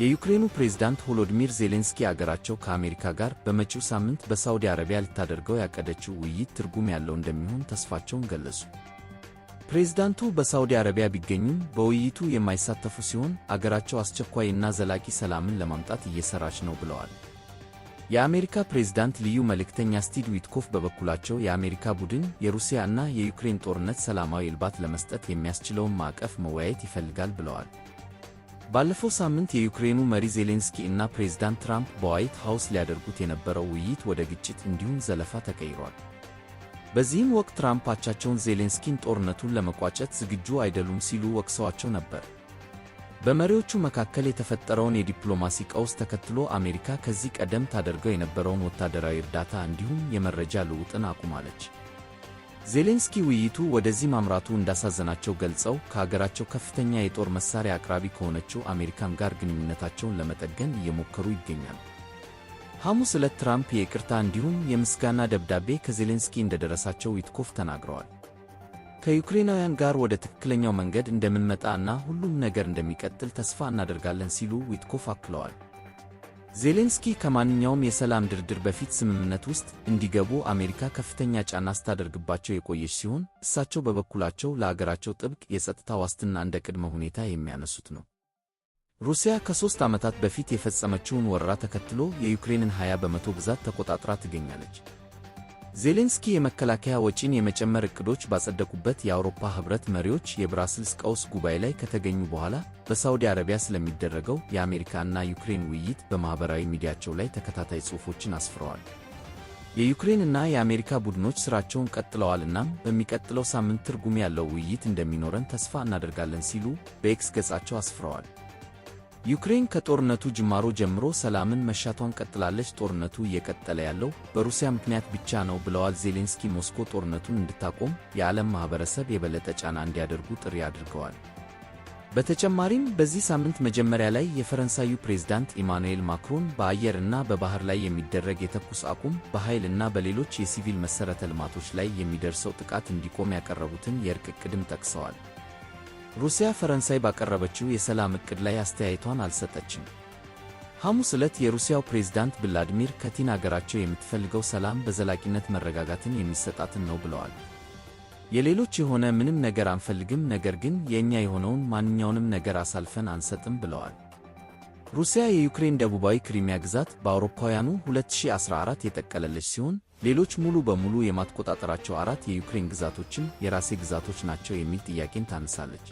የዩክሬኑ ፕሬዝዳንት ቮሎዲሚር ዜሌንስኪ አገራቸው ከአሜሪካ ጋር በመጪው ሳምንት በሳውዲ አረቢያ ልታደርገው ያቀደችው ውይይት ትርጉም ያለው እንደሚሆን ተስፋቸውን ገለጹ። ፕሬዝዳንቱ በሳውዲ አረቢያ ቢገኙም በውይይቱ የማይሳተፉ ሲሆን አገራቸው አስቸኳይ እና ዘላቂ ሰላምን ለማምጣት እየሰራች ነው ብለዋል። የአሜሪካ ፕሬዝዳንት ልዩ መልእክተኛ ስቲድ ዊትኮፍ በበኩላቸው የአሜሪካ ቡድን የሩሲያ እና የዩክሬን ጦርነት ሰላማዊ እልባት ለመስጠት የሚያስችለውን ማዕቀፍ መወያየት ይፈልጋል ብለዋል። ባለፈው ሳምንት የዩክሬኑ መሪ ዜሌንስኪ እና ፕሬዝዳንት ትራምፕ በዋይት ሃውስ ሊያደርጉት የነበረው ውይይት ወደ ግጭት እንዲሁም ዘለፋ ተቀይሯል። በዚህም ወቅት ትራምፕ አቻቸውን ዜሌንስኪን ጦርነቱን ለመቋጨት ዝግጁ አይደሉም ሲሉ ወቅሰዋቸው ነበር። በመሪዎቹ መካከል የተፈጠረውን የዲፕሎማሲ ቀውስ ተከትሎ አሜሪካ ከዚህ ቀደም ታደርገው የነበረውን ወታደራዊ እርዳታ እንዲሁም የመረጃ ልውውጥን አቁማለች። ዜሌንስኪ ውይይቱ ወደዚህ ማምራቱ እንዳሳዘናቸው ገልጸው ከሀገራቸው ከፍተኛ የጦር መሳሪያ አቅራቢ ከሆነችው አሜሪካን ጋር ግንኙነታቸውን ለመጠገን እየሞከሩ ይገኛሉ። ሐሙስ ዕለት ትራምፕ የይቅርታ እንዲሁም የምስጋና ደብዳቤ ከዜሌንስኪ እንደደረሳቸው ዊትኮፍ ተናግረዋል። ከዩክሬናውያን ጋር ወደ ትክክለኛው መንገድ እንደምንመጣ እና ሁሉም ነገር እንደሚቀጥል ተስፋ እናደርጋለን ሲሉ ዊትኮፍ አክለዋል። ዜሌንስኪ ከማንኛውም የሰላም ድርድር በፊት ስምምነት ውስጥ እንዲገቡ አሜሪካ ከፍተኛ ጫና ስታደርግባቸው የቆየች ሲሆን እሳቸው በበኩላቸው ለአገራቸው ጥብቅ የጸጥታ ዋስትና እንደ ቅድመ ሁኔታ የሚያነሱት ነው። ሩሲያ ከሦስት ዓመታት በፊት የፈጸመችውን ወረራ ተከትሎ የዩክሬንን 20 በመቶ ግዛት ተቆጣጥራ ትገኛለች። ዜሌንስኪ የመከላከያ ወጪን የመጨመር እቅዶች ባጸደቁበት የአውሮፓ ህብረት መሪዎች የብራስልስ ቀውስ ጉባኤ ላይ ከተገኙ በኋላ በሳውዲ አረቢያ ስለሚደረገው የአሜሪካና ዩክሬን ውይይት በማኅበራዊ ሚዲያቸው ላይ ተከታታይ ጽሑፎችን አስፍረዋል። የዩክሬንና የአሜሪካ ቡድኖች ሥራቸውን ቀጥለዋል፣ እናም በሚቀጥለው ሳምንት ትርጉም ያለው ውይይት እንደሚኖረን ተስፋ እናደርጋለን ሲሉ በኤክስ ገጻቸው አስፍረዋል። ዩክሬን ከጦርነቱ ጅማሮ ጀምሮ ሰላምን መሻቷን ቀጥላለች። ጦርነቱ እየቀጠለ ያለው በሩሲያ ምክንያት ብቻ ነው ብለዋል ዜሌንስኪ። ሞስኮ ጦርነቱን እንድታቆም የዓለም ማኅበረሰብ የበለጠ ጫና እንዲያደርጉ ጥሪ አድርገዋል። በተጨማሪም በዚህ ሳምንት መጀመሪያ ላይ የፈረንሳዩ ፕሬዝዳንት ኢማኑኤል ማክሮን በአየር እና በባህር ላይ የሚደረግ የተኩስ አቁም በኃይል እና በሌሎች የሲቪል መሠረተ ልማቶች ላይ የሚደርሰው ጥቃት እንዲቆም ያቀረቡትን የእርቅ ዕቅድም ጠቅሰዋል። ሩሲያ ፈረንሳይ ባቀረበችው የሰላም ዕቅድ ላይ አስተያየቷን አልሰጠችም። ሐሙስ ዕለት የሩሲያው ፕሬዝዳንት ቭላዲሚር ፑቲን አገራቸው የምትፈልገው ሰላም በዘላቂነት መረጋጋትን የሚሰጣትን ነው ብለዋል። የሌሎች የሆነ ምንም ነገር አንፈልግም፣ ነገር ግን የእኛ የሆነውን ማንኛውንም ነገር አሳልፈን አንሰጥም ብለዋል። ሩሲያ የዩክሬን ደቡባዊ ክሪሚያ ግዛት በአውሮፓውያኑ 2014 የጠቀለለች ሲሆን ሌሎች ሙሉ በሙሉ የማትቆጣጠራቸው አራት የዩክሬን ግዛቶችን የራሴ ግዛቶች ናቸው የሚል ጥያቄን ታነሳለች።